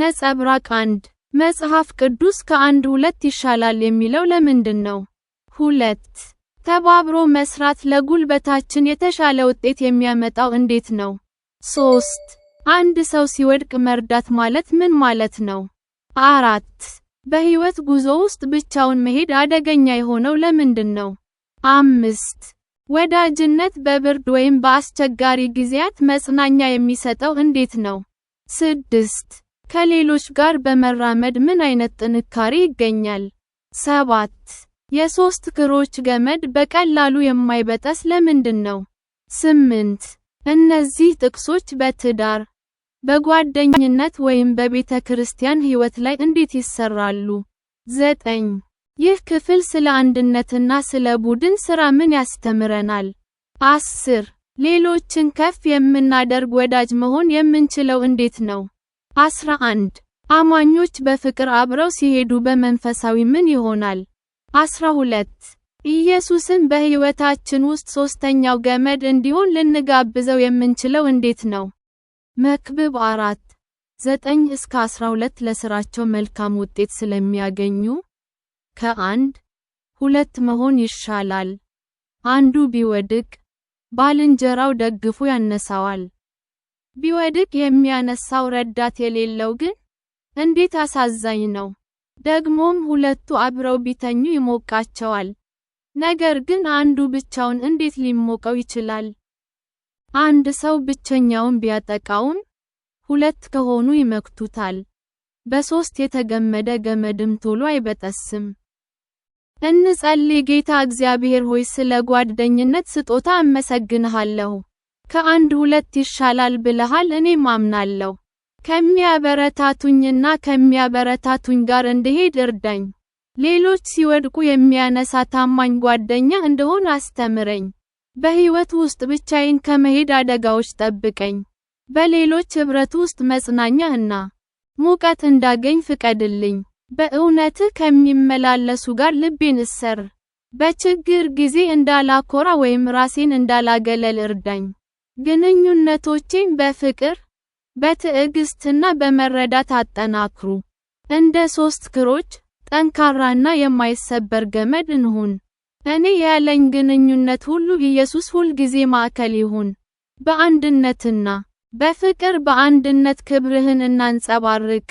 ነጸብራቅ አንድ መጽሐፍ ቅዱስ ከአንድ ሁለት ይሻላል የሚለው ለምንድን ነው? ሁለት ተባብሮ መስራት ለጉልበታችን የተሻለ ውጤት የሚያመጣው እንዴት ነው? 3 አንድ ሰው ሲወድቅ መርዳት ማለት ምን ማለት ነው? አራት በህይወት ጉዞ ውስጥ ብቻውን መሄድ አደገኛ የሆነው ለምንድን ነው? አምስት ወዳጅነት በብርድ ወይም በአስቸጋሪ ጊዜያት መጽናኛ የሚሰጠው እንዴት ነው? ስድስት ከሌሎች ጋር በመራመድ ምን አይነት ጥንካሬ ይገኛል? 7. የሶስት እግሮች ገመድ በቀላሉ የማይበጠስ ለምንድን ነው? 8. እነዚህ ጥቅሶች በትዳር፣ በጓደኝነት ወይም በቤተ ክርስቲያን ሕይወት ላይ እንዴት ይሰራሉ? 9. ይህ ክፍል ስለ አንድነትና ስለ ቡድን ሥራ ምን ያስተምረናል? 10. ሌሎችን ከፍ የምናደርግ ወዳጅ መሆን የምንችለው እንዴት ነው? 11 አማኞች በፍቅር አብረው ሲሄዱ በመንፈሳዊ ምን ይሆናል? 12 ኢየሱስን በሕይወታችን ውስጥ ሦስተኛው ገመድ እንዲሆን ልንጋብዘው የምንችለው እንዴት ነው? መክብብ 4 9 እስከ 12 ለሥራቸው መልካም ውጤት ስለሚያገኙ ከአንድ ሁለት መሆን ይሻላል። አንዱ ቢወድቅ ባልንጀራው ደግፎ ያነሳዋል። ቢወድቅ የሚያነሳው ረዳት የሌለው ግን እንዴት አሳዛኝ ነው! ደግሞም ሁለቱ አብረው ቢተኙ ይሞቃቸዋል። ነገር ግን አንዱ ብቻውን እንዴት ሊሞቀው ይችላል? አንድ ሰው ብቸኛውን ቢያጠቃውም፣ ሁለት ከሆኑ ይመክቱታል። በሶስት የተገመደ ገመድም ቶሎ አይበጠስም። እንጸልይ። ጌታ እግዚአብሔር ሆይ ስለ ጓደኝነት ስጦታ አመሰግንሃለሁ። ከአንድ ሁለት ይሻላል ብለሃል እኔ ማምናለሁ። ከሚያበረታቱኝና ከሚያበረታቱኝ ጋር እንድሄድ እርዳኝ። ሌሎች ሲወድቁ የሚያነሳ ታማኝ ጓደኛ እንደሆን አስተምረኝ። በሕይወት ውስጥ ብቻዬን ከመሄድ አደጋዎች ጠብቀኝ። በሌሎች ኅብረት ውስጥ መጽናኛ እና ሙቀት እንዳገኝ ፍቀድልኝ። በእውነትህ ከሚመላለሱ ጋር ልቤን እሰር። በችግር ጊዜ እንዳላኮራ ወይም ራሴን እንዳላገለል እርዳኝ። ግንኙነቶችን በፍቅር፣ በትዕግስትና በመረዳት አጠናክሩ። እንደ ሶስት ክሮች፣ ጠንካራና የማይሰበር ገመድ እንሁን። እኔ ያለኝ ግንኙነት ሁሉ ኢየሱስ ሁልጊዜ ማዕከል ይሁን። በአንድነትና በፍቅር በአንድነት ክብርህን እናንጸባርቅ።